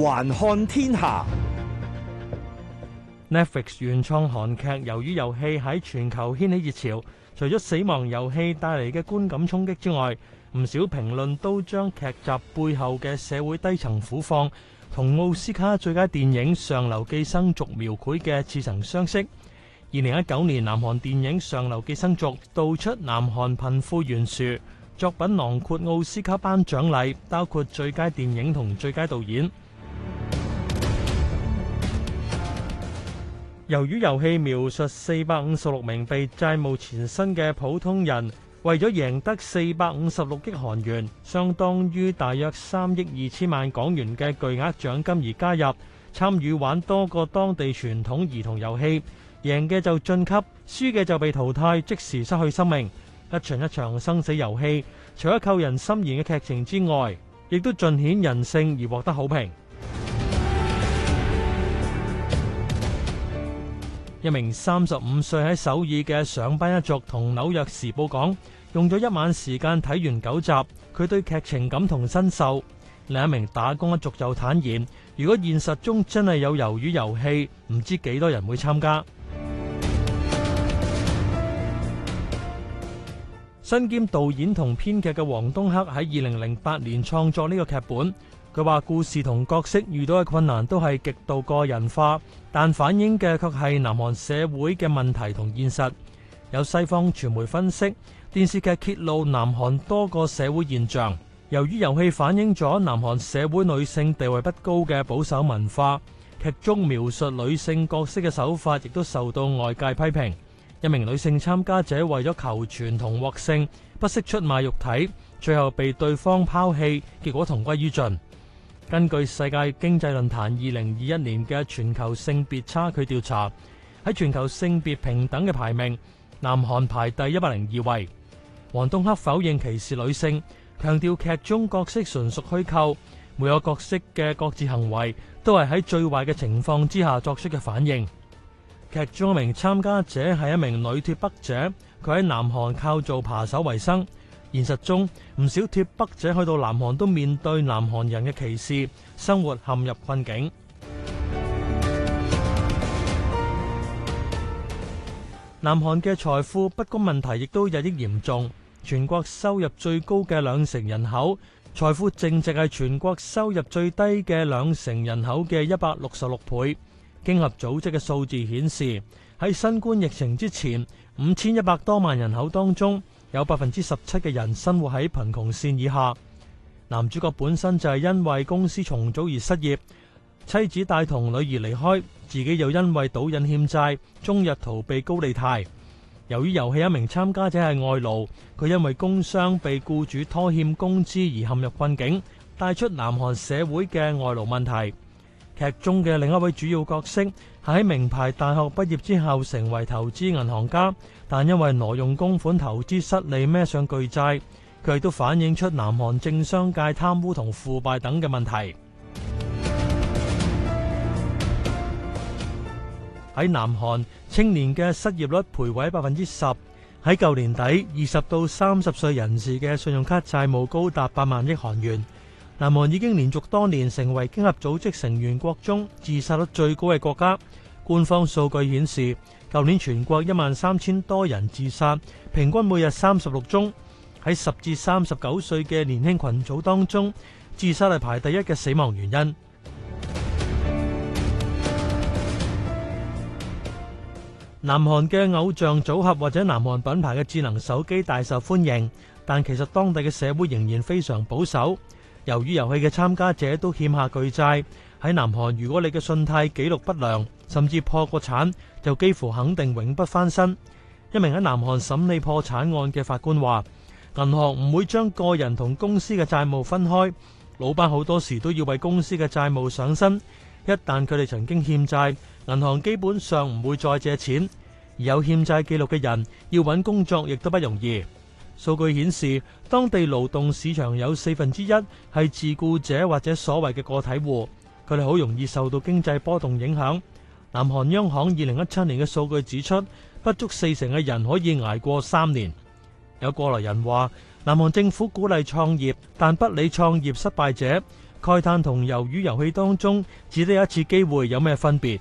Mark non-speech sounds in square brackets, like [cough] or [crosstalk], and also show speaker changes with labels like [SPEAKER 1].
[SPEAKER 1] 環看天下，Netflix 原創韓劇，魷魚遊戲喺全球掀起熱潮，除咗《死亡遊戲》帶嚟嘅觀感衝擊之外，唔少評論都將劇集背後嘅社會低層苦況，同奧斯卡最佳電影《上流寄生族》描繪嘅似曾相識。二零一九年南韓電影《上流寄生族》道出南韓貧富懸殊，作品囊括奧斯卡頒獎禮，包括最佳電影同最佳導演。魷魚遊戲描述四百五十六名被債務纏身嘅普通人，為咗贏得四百五十六億韓元（相當於大約三億二千萬港元）嘅巨額獎金而加入參與玩多個當地傳統兒童遊戲，贏嘅就晉級，輸嘅就被淘汰，即時失去生命。一場一場生死遊戲，除咗扣人心弦嘅劇情之外，亦都盡顯人性而獲得好評。一名三十五歲喺首爾嘅上班一族同《紐約時報》講，用咗一晚時間睇完九集，佢對劇情感同身受。另一名打工一族又坦言，如果現實中真係有魷魚遊戲，唔知幾多人會參加。身兼導演同編劇嘅黃東赫喺二零零八年創作呢個劇本。佢話：故事同角色遇到嘅困難都係極度個人化，但反映嘅卻係南韓社會嘅問題同現實。有西方傳媒分析，電視劇揭露南韓多個社會現象。魷魚遊戲反映咗南韓社會女性地位不高嘅保守文化，劇中描述女性角色嘅手法亦都受到外界批評。一名女性參加者為咗求全同獲勝，不惜出賣肉體，最後被對方拋棄，結果同歸於盡。根據世界經濟論壇二零二一年嘅全球性別差距調查，喺全球性別平等嘅排名，南韓排第一百零二位。黃東赫否認歧視女性，強調劇中角色純屬虛構，每個角色嘅各自行為都係喺最壞嘅情況之下作出嘅反應。劇中一名參加者係一名女脱北者，佢喺南韓靠做扒手為生。現實中，唔少脱北者去到南韓都面對南韓人嘅歧視，生活陷入困境。南韓嘅財富不公問題亦都日益嚴重。全國收入最高嘅兩成人口，財富淨值係全國收入最低嘅兩成人口嘅一百六十六倍。經合組織嘅數字顯示，喺新冠疫情之前，五千一百多萬人口當中，有百分之十七嘅人生活喺貧窮綫以下。男主角本身就係因為公司重組而失業，妻子帶同女兒離開，自己又因為賭癮欠債，終日逃避高利貸。由於遊戲一名參加者係外勞，佢因為工傷被僱主拖欠工資而陷入困境，帶出南韓社會嘅外勞問題。劇中嘅另一位主要角色係喺名牌大學畢業之後成為投資銀行家，但因為挪用公款投資失利，孭上巨債。佢亦都反映出南韓政商界貪污同腐敗等嘅問題。喺 [music] 南韓，青年嘅失業率徘徊百分之十。喺舊年底，二十到三十歲人士嘅信用卡債務高達八萬億韓元。南韓已經連續多年成為經合組織成員國中自殺率最高嘅國家。官方數據顯示，舊年全國一萬三千多人自殺，平均每日三十六宗。喺十至三十九歲嘅年輕群組當中，自殺率排第一嘅死亡原因。南韓嘅偶像組合或者南韓品牌嘅智能手機大受歡迎，但其實當地嘅社會仍然非常保守。由於遊戲嘅參加者都欠下巨債，喺南韓，如果你嘅信貸紀錄不良，甚至破過產，就幾乎肯定永不翻身。一名喺南韓審理破產案嘅法官話，銀行唔會將個人同公司嘅債務分開，老闆好多時都要為公司嘅債務上身。一旦佢哋曾經欠債，銀行基本上唔會再借錢。而有欠債記錄嘅人要揾工作亦都不容易。數據顯示，當地勞動市場有四分之一係自雇者或者所謂嘅個體戶，佢哋好容易受到經濟波動影響。南韓央行二零一七年嘅數據指出，不足四成嘅人可以捱過三年。有過來人話，南韓政府鼓勵創業，但不理創業失敗者，慨嘆同魷魚遊戲當中只得一次機會有咩分別？